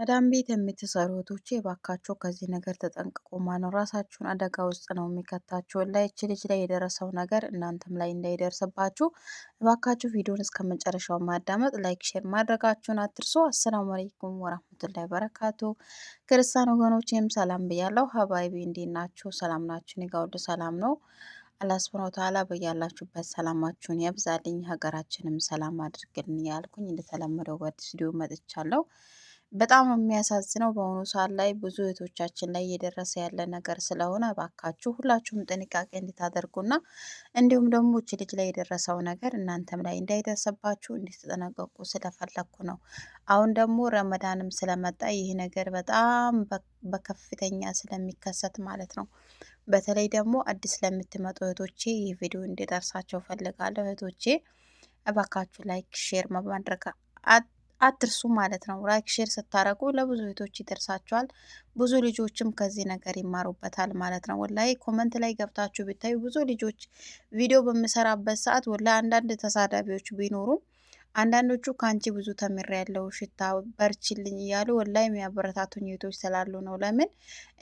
መዳም ቤት የምትሰሩ እህቶቼ የባካቸው ከዚህ ነገር ተጠንቅቁ። ማነው ራሳችሁን አደጋ ውስጥ ነው የሚከታችሁ። ላይች ልጅ ላይ የደረሰው ነገር እናንተም ላይ እንዳይደርስባችሁ እባካችሁ ቪዲዮን እስከ መጨረሻው ማዳመጥ፣ ላይክ፣ ሼር ማድረጋችሁን አትርሶ። አሰላሙ አለይኩም ወራህመቱላሂ በረካቱ። ክርስቲያን ወገኖቼም ሰላም ብያለሁ። ሀባይቢ እንዴት ናችሁ? ሰላም ናችሁ? እኔ ሰላም ነው። አላህ ሱብሃነሁ ወተዓላ በያላችሁበት ሰላማችሁን ያብዛልኝ፣ ሀገራችንም ሰላም አድርግልን ያልኩኝ እንደተለመደው ወደ ስቱዲዮ መጥቻለሁ። በጣም የሚያሳዝነው በአሁኑ ሰዓት ላይ ብዙ እህቶቻችን ላይ እየደረሰ ያለ ነገር ስለሆነ እባካችሁ ሁላችሁም ጥንቃቄ እንድታደርጉና እንዲሁም ደግሞ እች ልጅ ላይ የደረሰው ነገር እናንተም ላይ እንዳይደርስባችሁ እንድትጠነቀቁ ስለፈለግኩ ነው። አሁን ደግሞ ረመዳንም ስለመጣ ይህ ነገር በጣም በከፍተኛ ስለሚከሰት ማለት ነው። በተለይ ደግሞ አዲስ ለምትመጡ እህቶቼ ይህ ቪዲዮ እንዲደርሳቸው ፈልጋለሁ። እህቶቼ እባካችሁ ላይክ ሼር ማድረግ አትርሱ ማለት ነው። ላይክ ሼር ስታረጉ ለብዙ ቤቶች ይደርሳቸዋል። ብዙ ልጆችም ከዚህ ነገር ይማሩበታል ማለት ነው። ወላይ ኮመንት ላይ ገብታችሁ ብታዩ ብዙ ልጆች ቪዲዮ በምሰራበት ሰዓት ወላይ አንዳንድ ተሳዳቢዎች ቢኖሩም አንዳንዶቹ ከአንቺ ብዙ ተምር ያለው ሽታ በርችልኝ እያሉ ወላሂ የሚያበረታቱኝ እህቶች ስላሉ ነው። ለምን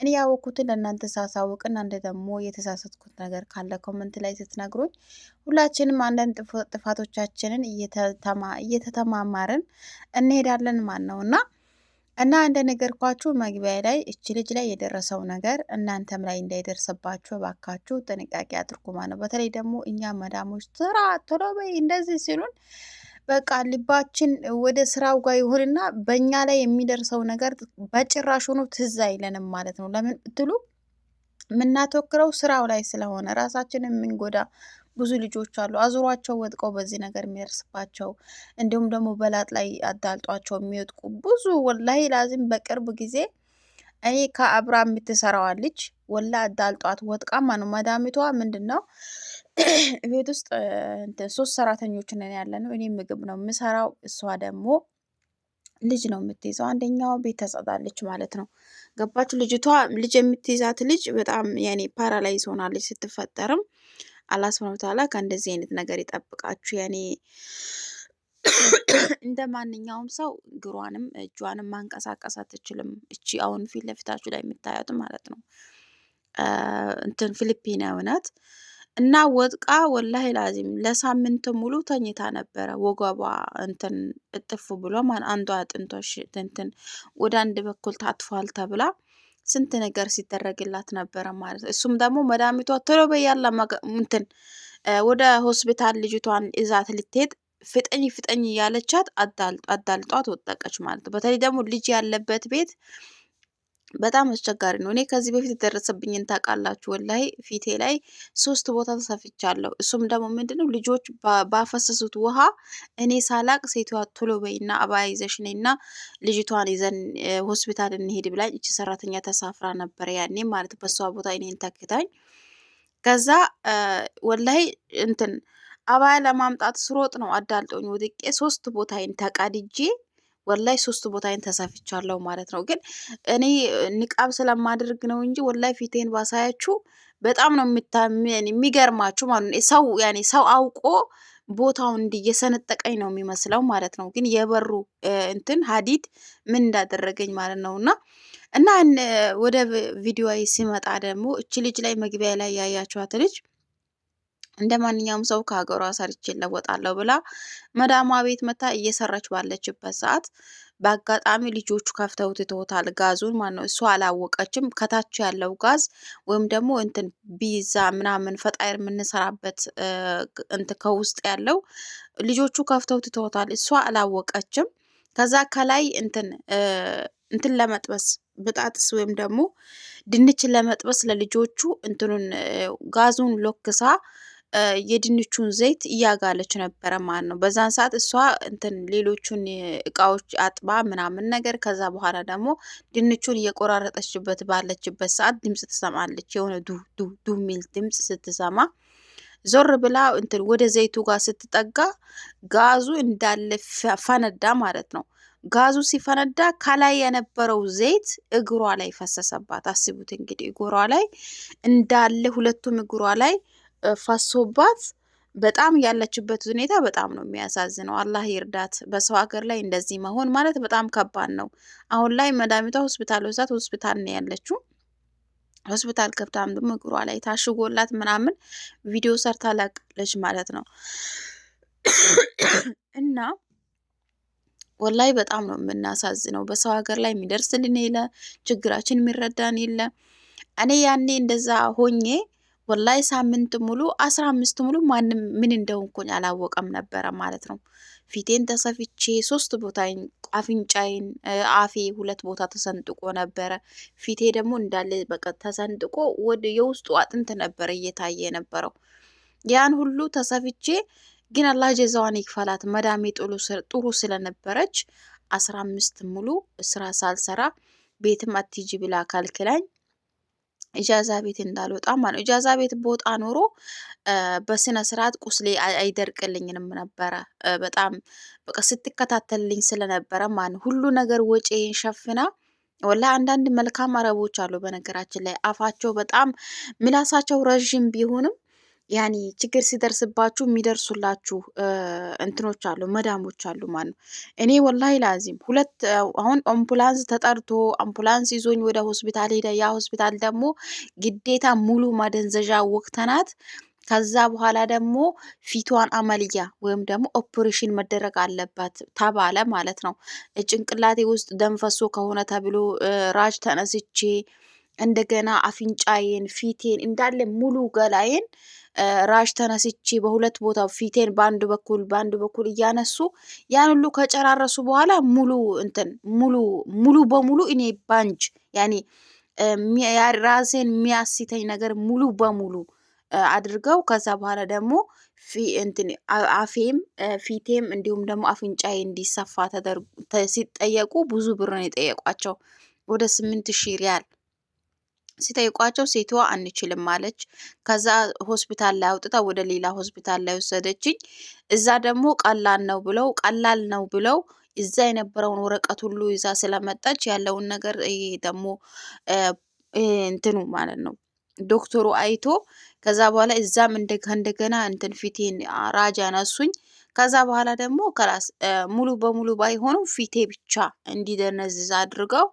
እኔ ያወኩትን ለእናንተ ሳሳውቅ እናንተ ደግሞ የተሳሳትኩት ነገር ካለ ኮመንት ላይ ስትነግሩኝ፣ ሁላችንም አንዳንድ ጥፋቶቻችንን እየተተማማርን እንሄዳለን ማለት ነው እና እና እንደ እንደነገርኳችሁ መግቢያ ላይ እች ልጅ ላይ የደረሰው ነገር እናንተም ላይ እንዳይደርስባችሁ ባካችሁ ጥንቃቄ አድርጉ ማለት ነው። በተለይ ደግሞ እኛ መዳሞች ስራ ቶሎ በይ እንደዚህ ሲሉን በቃ ልባችን ወደ ስራው ጋር ይሁንና በእኛ ላይ የሚደርሰው ነገር በጭራሽ ሆኖ ትዝ አይለንም ማለት ነው። ለምን ብትሉ የምናተኩረው ስራው ላይ ስለሆነ ራሳችን የምንጎዳ ብዙ ልጆች አሉ። አዙሯቸው ወጥቀው በዚህ ነገር የሚደርስባቸው እንዲሁም ደግሞ በላጥ ላይ አዳልጧቸው የሚወጥቁ ብዙ ወላሂ ላዚም በቅርብ ጊዜ እኔ ከአብራ የምትሰራዋ ልጅ ወላ አዳልጧት ወጥቃማ ነው። መዳሚቷ ምንድን ነው ቤት ውስጥ ሶስት ሰራተኞች ነን ያለ ነው። እኔ ምግብ ነው የምሰራው፣ እሷ ደግሞ ልጅ ነው የምትይዘው። አንደኛው ቤት ተጸዳለች ማለት ነው። ገባችሁ? ልጅቷ ልጅ የምትይዛት ልጅ በጣም ያኔ ፓራላይዝ ሆናለች ስትፈጠርም አላህ ሱብሃነሁ ወተዓላ ከእንደዚህ አይነት ነገር ይጠብቃችሁ ያኔ እንደ ማንኛውም ሰው እግሯንም እጇንም ማንቀሳቀስ አትችልም። እቺ አሁን ፊት ለፊታችሁ ላይ የምታዩት ማለት ነው እንትን ፊሊፒናዊ ናት እና ወጥቃ ወላሂ ላዚም ለሳምንት ሙሉ ተኝታ ነበረ። ወገቧ እንትን እጥፍ ብሎ አንዷ አጥንቶሽ እንትን ወደ አንድ በኩል ታጥፏል ተብላ ስንት ነገር ሲደረግላት ነበረ ማለት ነው። እሱም ደግሞ መድኃኒቷ ቶሎ በያላ እንትን ወደ ሆስፒታል ልጅቷን እዛት ልትሄድ ፍጠኝ ፍጠኝ እያለቻት አዳልጧት ወጠቀች ማለት ነው። በተለይ ደግሞ ልጅ ያለበት ቤት በጣም አስቸጋሪ ነው። እኔ ከዚህ በፊት የደረሰብኝን ታውቃላችሁ። ወላይ ፊቴ ላይ ሶስት ቦታ ተሰፍቻለሁ። እሱም ደግሞ ምንድነው ልጆች ባፈሰሱት ውሃ እኔ ሳላቅ ሴቷ ቶሎ በይና አበባ ይዘሽ ነይና ልጅቷን ይዘን ሆስፒታል እንሄድ ብላኝ እቺ ሰራተኛ ተሳፍራ ነበር ያኔ ማለት በሷ ቦታ እኔን ተክታኝ ከዛ ወላይ እንትን አባያ ለማምጣት ስሮጥ ነው አዳልጦኝ ወድቄ ሶስት ቦታይን ተቀድጄ ወላይ ሶስት ቦታይን ተሰፍቻለሁ ማለት ነው። ግን እኔ ንቃብ ስለማድርግ ነው እንጂ ወላይ ፊቴን ባሳያችሁ በጣም ነው የሚገርማችሁ ማለት ነው። ሰው ያኔ ሰው አውቆ ቦታውን እንዲህ እየሰነጠቀኝ ነው የሚመስለው ማለት ነው። ግን የበሩ እንትን ሀዲድ ምን እንዳደረገኝ ማለት ነው። እና እና ወደ ቪዲዮ ሲመጣ ደግሞ እች ልጅ ላይ መግቢያ ላይ ያያችኋት ልጅ እንደ ማንኛውም ሰው ከሀገሯ ሰርቼ እለወጣለሁ ብላ መዳሟ ቤት መታ እየሰራች ባለችበት ሰዓት በአጋጣሚ ልጆቹ ከፍተውት ትተውታል። ጋዙን ማነው እሱ አላወቀችም። ከታች ያለው ጋዝ ወይም ደግሞ እንትን ቢዛ ምናምን ፈጣይር የምንሰራበት እንትን ከውስጥ ያለው ልጆቹ ከፍተው ትተውታል። እሷ አላወቀችም። ከዛ ከላይ እንትን እንትን ለመጥበስ ብጣጥስ ወይም ደግሞ ድንችን ለመጥበስ ለልጆቹ እንትኑን ጋዙን ሎክሳ የድንቹን ዘይት እያጋለች ነበረ ማለት ነው። በዛን ሰዓት እሷ እንትን ሌሎቹን እቃዎች አጥባ ምናምን ነገር ከዛ በኋላ ደግሞ ድንቹን እየቆራረጠችበት ባለችበት ሰዓት ድምፅ ትሰማለች። የሆነ ዱ ዱ ዱ ሚል ድምፅ ስትሰማ ዞር ብላ እንትን ወደ ዘይቱ ጋር ስትጠጋ ጋዙ እንዳለ ፈነዳ ማለት ነው። ጋዙ ሲፈነዳ ከላይ የነበረው ዘይት እግሯ ላይ ፈሰሰባት። አስቡት እንግዲህ እግሯ ላይ እንዳለ ሁለቱም እግሯ ላይ ፋሶባት በጣም ያለችበት ሁኔታ በጣም ነው የሚያሳዝነው። አላህ ይርዳት። በሰው ሀገር ላይ እንደዚህ መሆን ማለት በጣም ከባድ ነው። አሁን ላይ መዳሚቷ ሆስፒታል ወሳት ሆስፒታል ነው ያለችው። ሆስፒታል ገብታም ደግሞ እግሯ ላይ ታሽጎላት ምናምን ቪዲዮ ሰርታ ላቅለች ማለት ነው እና ወላይ በጣም ነው የምናሳዝነው። በሰው ሀገር ላይ የሚደርስልን የለ፣ ችግራችን የሚረዳን የለ። እኔ ያኔ እንደዛ ሆኜ ወላይ ሳምንት ሙሉ አስራ አምስት ሙሉ ማንም ምን እንደሆንኩኝ አላወቀም ነበረ ማለት ነው። ፊቴን ተሰፍቼ ሶስት ቦታ አፍንጫዬን፣ አፌ ሁለት ቦታ ተሰንጥቆ ነበረ። ፊቴ ደግሞ እንዳለ በቃ ተሰንጥቆ ወደ የውስጡ አጥንት ነበረ እየታየ ነበረው። ያን ሁሉ ተሰፍቼ ግን አላህ ጀዛዋን ይክፈላት መዳሜ ጥሩ ስለነበረች አስራ አምስት ሙሉ ስራ ሳልሰራ ቤትም አትጂ ብላ ካልክላኝ ኢጃዛ ቤት እንዳልወጣ ማለት እጃዛ ኢጃዛ ቤት ቦታ ኖሮ በስነ ስርዓት ቁስሌ አይደርቅልኝንም ነበረ። በጣም በቃ ስትከታተልልኝ ስለነበረ ማን ሁሉ ነገር ወጪዬን ሸፍና ወላ አንዳንድ መልካም አረቦች አሉ። በነገራችን ላይ አፋቸው በጣም ምላሳቸው ረዥም ቢሆንም ያኔ ችግር ሲደርስባችሁ የሚደርሱላችሁ እንትኖች አሉ፣ መዳሞች አሉ ማለት ነው። እኔ ወላሂ ላዚም ሁለት አሁን አምቡላንስ ተጠርቶ አምቡላንስ ይዞኝ ወደ ሆስፒታል ሄደ። ያ ሆስፒታል ደግሞ ግዴታ ሙሉ ማደንዘዣ ወቅተናት ከዛ በኋላ ደግሞ ፊቷን አመልያ ወይም ደግሞ ኦፕሬሽን መደረግ አለባት ተባለ ማለት ነው። ጭንቅላቴ ውስጥ ደም ፈሶ ከሆነ ተብሎ ራጅ ተነስቼ እንደገና አፍንጫዬን፣ ፊቴን እንዳለ ሙሉ ገላዬን ራሽ ተነስቼ በሁለት ቦታ ፊቴን በአንድ በኩል በአንድ በኩል እያነሱ ያን ሁሉ ከጨራረሱ በኋላ ሙሉ እንትን ሙሉ ሙሉ በሙሉ እኔ ባንጅ ያኔ ራሴን የሚያስተኝ ነገር ሙሉ በሙሉ አድርገው ከዛ በኋላ ደግሞ አፌም ፊቴም እንዲሁም ደግሞ አፍንጫዬ እንዲሰፋ ሲጠየቁ ብዙ ብር ነው የጠየቋቸው። ወደ ስምንት ሺህ ሪያል ሲጠይቋቸው ሴትዋ አንችልም አለች። ከዛ ሆስፒታል ላይ አውጥታ ወደ ሌላ ሆስፒታል ላይ ወሰደችኝ። እዛ ደግሞ ቀላል ነው ብለው ቀላል ነው ብለው እዛ የነበረውን ወረቀት ሁሉ ይዛ ስለመጣች ያለውን ነገር ደግሞ እንትኑ ማለት ነው ዶክተሩ አይቶ ከዛ በኋላ እዛም እንደገና እንትን ፊቴን ራጅ ያነሱኝ። ከዛ በኋላ ደግሞ ከላስ ሙሉ በሙሉ ባይሆኑም ፊቴ ብቻ እንዲደነዝዝ አድርገው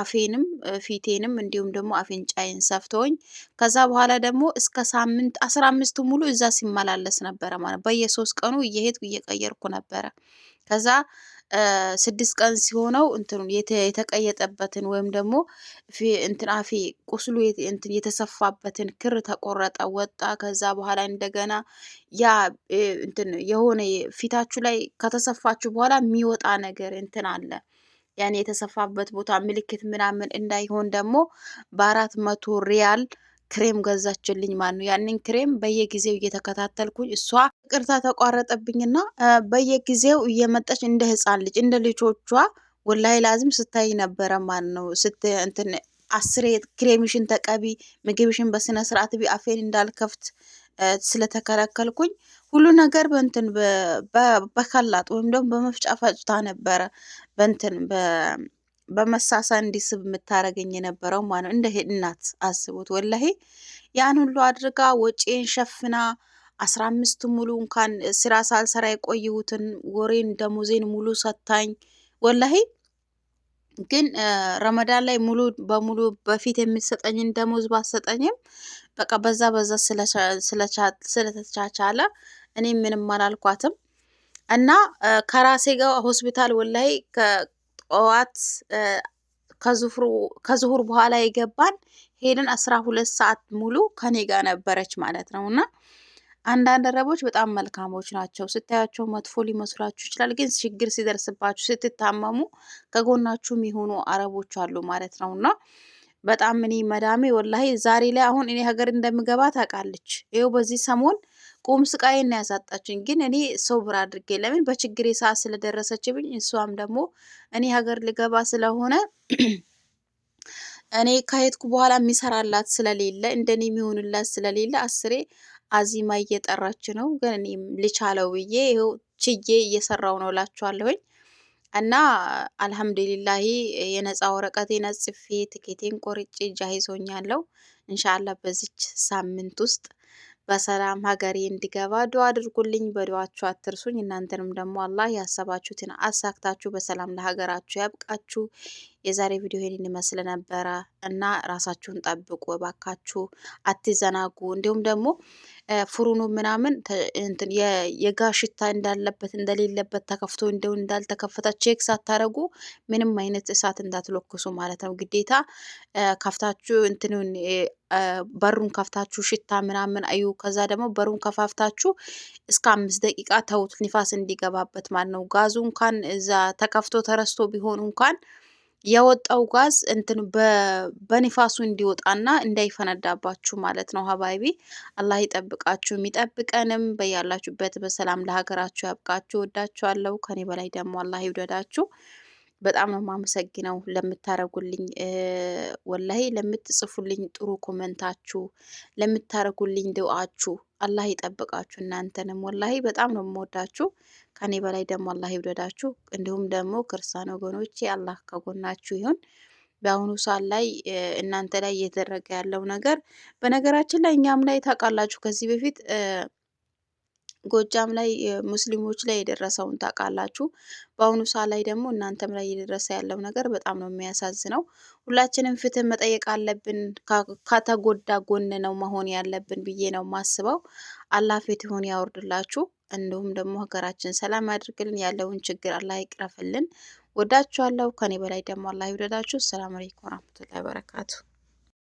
አፌንም ፊቴንም እንዲሁም ደግሞ አፍንጫዬን ሰፍተውኝ ከዛ በኋላ ደግሞ እስከ ሳምንት አስራ አምስቱ ሙሉ እዛ ሲመላለስ ነበረ ማለት በየሶስት ቀኑ እየሄድኩ እየቀየርኩ ነበረ። ከዛ ስድስት ቀን ሲሆነው እንትኑ የተቀየጠበትን ወይም ደግሞ እንትን አፌ ቁስሉ እንትን የተሰፋበትን ክር ተቆረጠ ወጣ። ከዛ በኋላ እንደገና ያ እንትን የሆነ ፊታችሁ ላይ ከተሰፋችሁ በኋላ የሚወጣ ነገር እንትን አለ ያን የተሰፋበት ቦታ ምልክት ምናምን እንዳይሆን ደግሞ በአራት መቶ ሪያል ክሬም ገዛችልኝ ማለት ነው። ያንን ክሬም በየጊዜው እየተከታተልኩኝ እሷ ቅርታ ተቋረጠብኝና በየጊዜው እየመጣች እንደ ህፃን ልጅ እንደ ልጆቿ ወላይ ላዝም ስታይ ነበረ ማለት ነው። ስት እንትን አስሬ ክሬምሽን ተቀቢ፣ ምግብሽን በስነ ስርዓት ቢ፣ አፌን እንዳልከፍት ስለተከለከልኩኝ ሁሉ ነገር በንትን በከላጥ ወይም ደግሞ በመፍጫ ፈጭታ ነበረ በንትን በመሳሳ እንዲስብ የምታደርገኝ የነበረው ማለት ነው። እንደ እናት አስቡት። ወላሂ ያን ሁሉ አድርጋ ወጪን ሸፍና አስራ አምስት ሙሉ እንኳን ስራ ሳልሰራ የቆየሁትን ወሬን ደሞዜን ሙሉ ሰታኝ ወላሄ። ግን ረመዳን ላይ ሙሉ በሙሉ በፊት የሚሰጠኝን ደሞዝ ባሰጠኝም በቃ በዛ በዛ ስለተቻቻለ እኔ ምንም አላልኳትም እና ከራሴ ጋር ሆስፒታል ወላይ ከጠዋት ከዙሁር በኋላ የገባን ሄደን አስራ ሁለት ሰዓት ሙሉ ከኔ ጋር ነበረች ማለት ነው እና አንዳንድ አረቦች በጣም መልካሞች ናቸው። ስታያቸው መጥፎ ሊመስሏችሁ ይችላል፣ ግን ችግር ሲደርስባችሁ ስትታመሙ ከጎናችሁ የሚሆኑ አረቦች አሉ ማለት ነው እና በጣም እኔ መዳሜ ወላሂ ዛሬ ላይ አሁን እኔ ሀገር እንደምገባ ታውቃለች። ይኸው በዚህ ሰሞን ቁም ስቃይን ያሳጣችኝ፣ ግን እኔ ሶብር አድርጌ ለምን በችግሬ ሰዓት ስለደረሰችብኝ እሷም ደግሞ እኔ ሀገር ልገባ ስለሆነ እኔ ከሄድኩ በኋላ የሚሰራላት ስለሌለ እንደኔ የሚሆንላት ስለሌለ አስሬ አዚማ እየጠራች ነው፣ ግን እኔም ልቻለው ብዬ ይኸው ችዬ እየሰራው ነው እላችኋለሁኝ። እና አልሐምዱሊላሂ የነፃ ወረቀቴን አጽፌ ትኬቴን ቆርጬ ጃሂዞኛለሁ። እንሻላ በዚች ሳምንት ውስጥ በሰላም ሀገሬ እንዲገባ ዱዓ አድርጉልኝ። በዱዓችሁ አትርሱኝ። እናንተንም ደግሞ አላህ ያሰባችሁትን አሳክታችሁ በሰላም ለሀገራችሁ ያብቃችሁ። የዛሬ ቪዲዮ ይሄን ይመስል ነበረ እና ራሳችሁን ጠብቁ ባካችሁ፣ አትዘናጉ። እንዲሁም ደግሞ ፍሩኑ ምናምን የጋ ሽታ እንዳለበት እንደሌለበት ተከፍቶ እንደው እንዳልተከፈተ ቼክ ሳታደርጉ ምንም አይነት እሳት እንዳትለኩሱ ማለት ነው። ግዴታ ከፍታችሁ እንትንን በሩን ከፍታችሁ ሽታ ምናምን አዩ። ከዛ ደግሞ በሩን ከፋፍታችሁ እስከ አምስት ደቂቃ ተውት፣ ንፋስ እንዲገባበት ማለት ነው። ጋዙ እንኳን እዛ ተከፍቶ ተረስቶ ቢሆን እንኳን የወጣው ጋዝ እንትን በንፋሱ እንዲወጣና እንዳይፈነዳባችሁ ማለት ነው። ሀባይቢ አላህ ይጠብቃችሁ፣ የሚጠብቀንም በያላችሁበት በሰላም ለሀገራችሁ ያብቃችሁ። ወዳችኋለሁ። ከኔ በላይ ደግሞ አላህ ይውደዳችሁ። በጣም ነው የማመሰግነው ለምታረጉልኝ፣ ወላሂ ለምትጽፉልኝ ጥሩ ኮመንታችሁ፣ ለምታረጉልኝ ድዋችሁ አላህ ይጠብቃችሁ። እናንተንም ወላሂ በጣም ነው የምወዳችሁ። ከኔ በላይ ደግሞ አላህ ይውደዳችሁ። እንዲሁም ደግሞ ክርስቲያን ወገኖቼ አላህ ከጎናችሁ ይሁን። በአሁኑ ሰዓት ላይ እናንተ ላይ እየተደረገ ያለው ነገር በነገራችን ላይ እኛም ላይ ታውቃላችሁ ከዚህ በፊት ጎጃም ላይ ሙስሊሞች ላይ የደረሰውን ታውቃላችሁ። በአሁኑ ሰዓት ላይ ደግሞ እናንተም ላይ እየደረሰ ያለው ነገር በጣም ነው የሚያሳዝነው። ሁላችንም ፍትህ መጠየቅ አለብን። ከተጎዳ ጎን ነው መሆን ያለብን ብዬ ነው ማስበው። አላህ ፍትሑን ያወርድላችሁ፣ እንዲሁም ደግሞ ሀገራችን ሰላም ያድርግልን። ያለውን ችግር አላህ ይቅረፍልን። ወዳችኋለሁ። ከኔ በላይ ደግሞ አላህ ይውደዳችሁ። ሰላም አለይኩም ወረሕመቱላሂ ወበረካቱ።